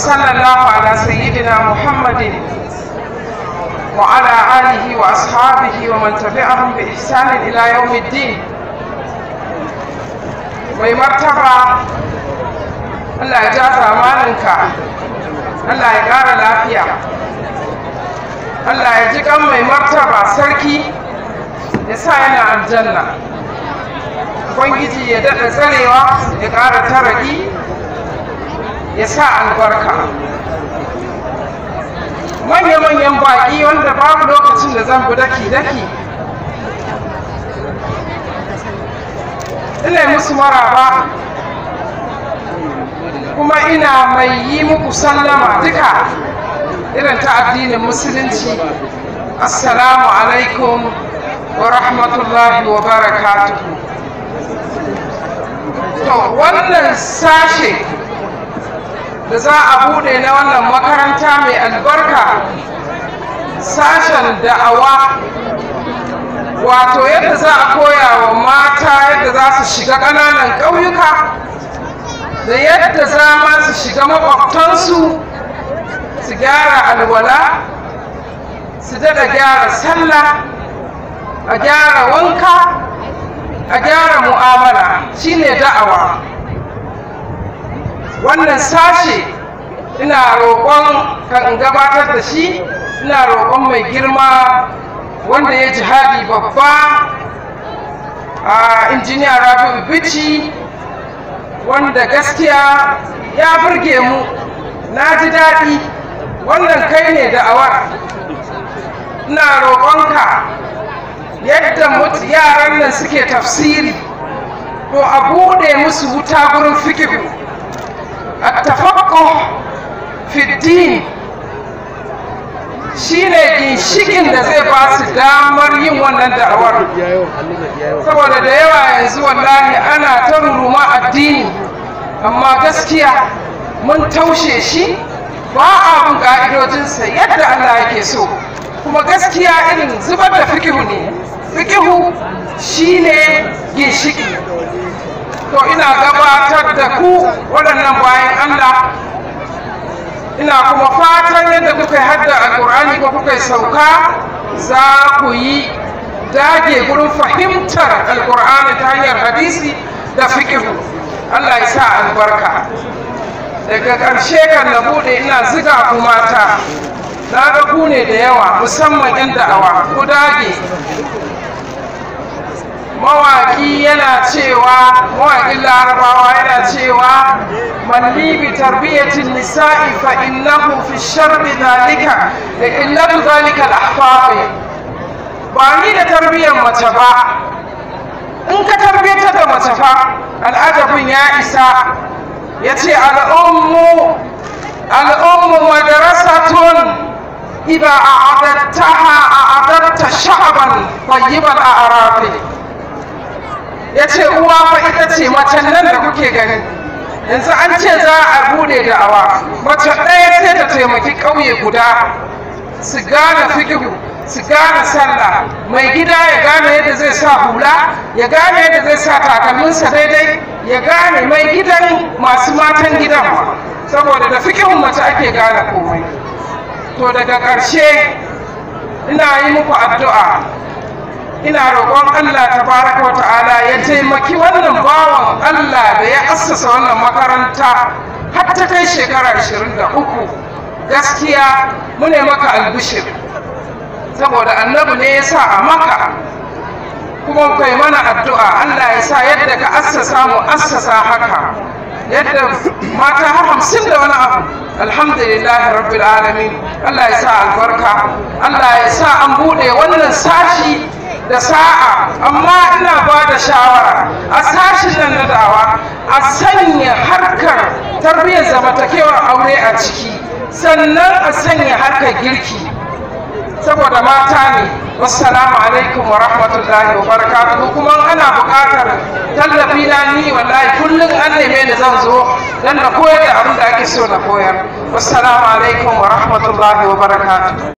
وصلى الله على سيدنا محمد وعلى آله wa ومن تبعهم بإحسان إلى ila الدين mai martaba Allah ya ja zamaninka Allah ya ƙara lafiya Allah ya ji kan mai martaba sarki ya sa yana aljanna Ubangiji ya daɗa tsarewa ya ƙara taradi ya sa albarka manya-manyan baƙi wanda babu lokacin da zan daki-daki ina musu maraba kuma ina mai yi muku sallama duka irin ta addinin musulunci assalamu alaikum wa rahmatullahi wa barakatuhu to wannan sashe da za a bude na wannan makaranta mai albarka sashen da'awa wato yadda za a koya wa mata yadda za su shiga ƙananan ƙauyuka da yadda za ma su shiga maƙwabtansu su gyara alwala su daga gyara sallah a gyara wanka a gyara mu'amala shine da'awa wannan sashe ina roƙon kan gabatar da shi ina roƙon mai girma wanda ya jihadi babba a injiniya rabi'u bici wanda gaskiya ya burge mu na ji daɗi wannan kai ne da awar ina roƙonka yadda mutu yaran nan suke tafsiri to a buɗe musu wuta gurin fikiru التفقه في الدين shine ginshikin da zai ba su damar yin wannan da'awar saboda da yawa yanzu wallahi ana ta ruruma addini amma gaskiya mun taushe shi ba a bin ka'idojinsa yadda Allah yake so kuma gaskiya irin zubar da fikihu ne fikihu shine ginshiki to ina gabatar da ku waɗannan bayan Allah ina kuma fatan yadda kuka yi hadda alƙur'ani ko kuka sauka za ku yi dage gurin fahimtar alƙur'ani ta hanyar hadisi da fiƙin? Allah ya sa albarka daga ƙarshe kan na buɗe ina ziga ku mata na ga ku ne da yawa musamman 'yan da'awa ku dage mawaki yana cewa mawakin larabawa yana cewa malli bi tarbiyatin nisa'i fa innahu fi sharri zalika da illatu zalika al-ahfafi ba ni da tarbiyyar mace ba in ka tarbiyyar da mace fa al'adabin ya isa ya ce al'ummu al'ummu madarasatun إذا أعددتها أعددت شعبا طيبا أعرابي ya ce uwa fa ita ce macen nan da kuke gani yanzu an ce za a bude da awa mace ɗaya sai ta taimaki ƙauye guda su gane fikihu su gane sallah mai gida ya gane yadda zai sa hula ya gane yadda zai sa takalminsa daidai ya gane mai gidan masu matan gidan saboda da fikihun mace ake gane komai to daga ƙarshe ina yi muku addu'a ina roƙon Allah tabaraka wa ta'ala ya taimaki wannan bawan Allah da ya assasa wannan makaranta har ta kai shekara 23 gaskiya mune maka albishir saboda annabi ne ya sa a maka kuma kai mana addu'a Allah ya sa yadda ka assasa mu assasa haka yadda mata har hamsin da wani abu alhamdulillah rabbil alamin Allah ya sa albarka Allah ya sa an bude wannan sashi da sa'a amma ina ba da shawara a sashen nan na dawa a sanya harkar tarbiyyar zamantakewar aure a ciki sannan a sanya harkar girki saboda mata ne wassalamu alaikum wa rahmatullahi wa barakatuhu kuma ana buƙatar tallafi na ni wallahi kullum an neme ni zan zo dan na koyar da abin da ake so na koyar wassalamu alaikum wa rahmatullahi wa barakatuhu